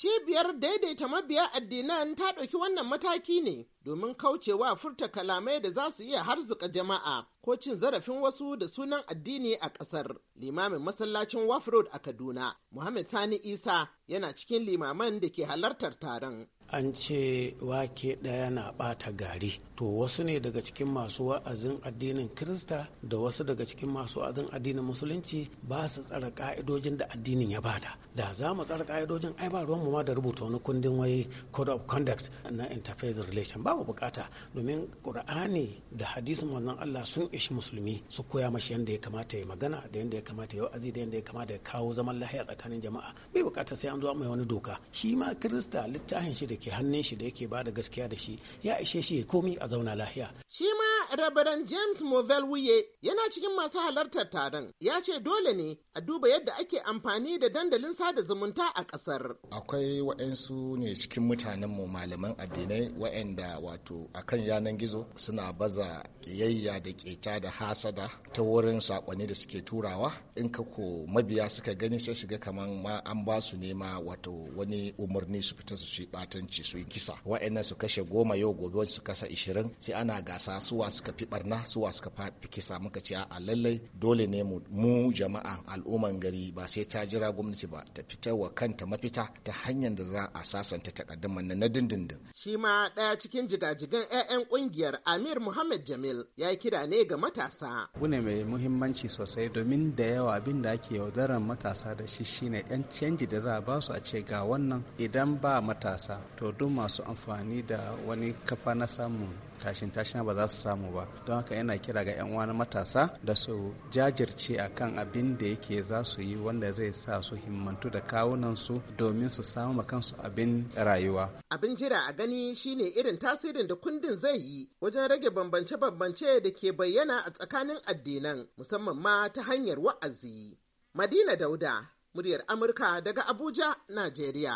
Cibiyar daidaita mabiya addinan ta ɗauki wannan mataki ne domin kaucewa furta kalamai da za su iya harzuka jama'a ko cin zarafin wasu da sunan addini a ƙasar. Limamin masallacin Waf a Kaduna, Muhammad Sani Isa yana cikin limaman da ke halartar taron. an ce wake ɗaya na ɓata gari to wasu ne daga cikin masu wa'azin addinin kirista da wasu daga cikin masu wa'azin addinin musulunci ba su tsara ka'idojin da addinin ya bada da za mu tsara ka'idojin ai ba ruwan ma da rubuta wani kundin wai code of conduct na interfaith relation ba mu bukata domin qur'ani da hadisin wannan Allah sun ishi musulmi su koya mashi yadda ya kamata ya magana da yadda ya kamata ya wa'azi da yadda ya kamata ya kawo zaman lahiya tsakanin jama'a bai bukata sai an zo mai wani doka shi ma kirista littafin shi da ke hannun shi da yake ba da gaskiya da shi ya ishe shi komi a zauna lahiya. Shi ma Rabaran James Movell Wuye yana cikin masu halartar taron ya ce dole ne a duba yadda ake amfani da dandalin sada zumunta a ƙasar. Akwai waɗansu ne cikin mutanen mu malaman addinai waɗanda wato akan yanan gizo suna baza yayya da keta da hasada ta wurin saƙonni da suke turawa in ka ko mabiya suka gani sai su ga kaman ma an ba su nema wato wani umarni su fita su ci ɓatan hukunci su yi kisa wa'annan su kashe goma yau gobe su kasa ishirin sai ana gasa suwa suka fi barna suwa suka fi kisa muka ce a lallai dole ne mu jama'a al'umman gari ba sai ta jira gwamnati ba ta fitar wa kanta mafita ta hanyar da za a sasanta takaddamar na dindindin. Shi ma daya cikin jigajigan 'ya'yan ƙungiyar Amir Muhammad Jamil ya kira ne ga matasa. wune mai muhimmanci sosai domin da yawa abin da ake yaudarar matasa da shi shine 'yan canji da za a basu a ce ga wannan idan ba matasa to duk masu amfani da wani kafa na samun tashin tashin ba za su samu ba don haka yana kira ga 'yan wani matasa da su jajirce a kan abin da yake za su yi wanda zai sa su himmantu da kawunansu domin su samu kansu abin rayuwa abin jira a gani shine irin tasirin da kundin zai yi wajen rage bambance-bambance da ke bayyana a tsakanin addinan musamman ma ta hanyar wa'azi madina dauda muryar amurka daga abuja najeriya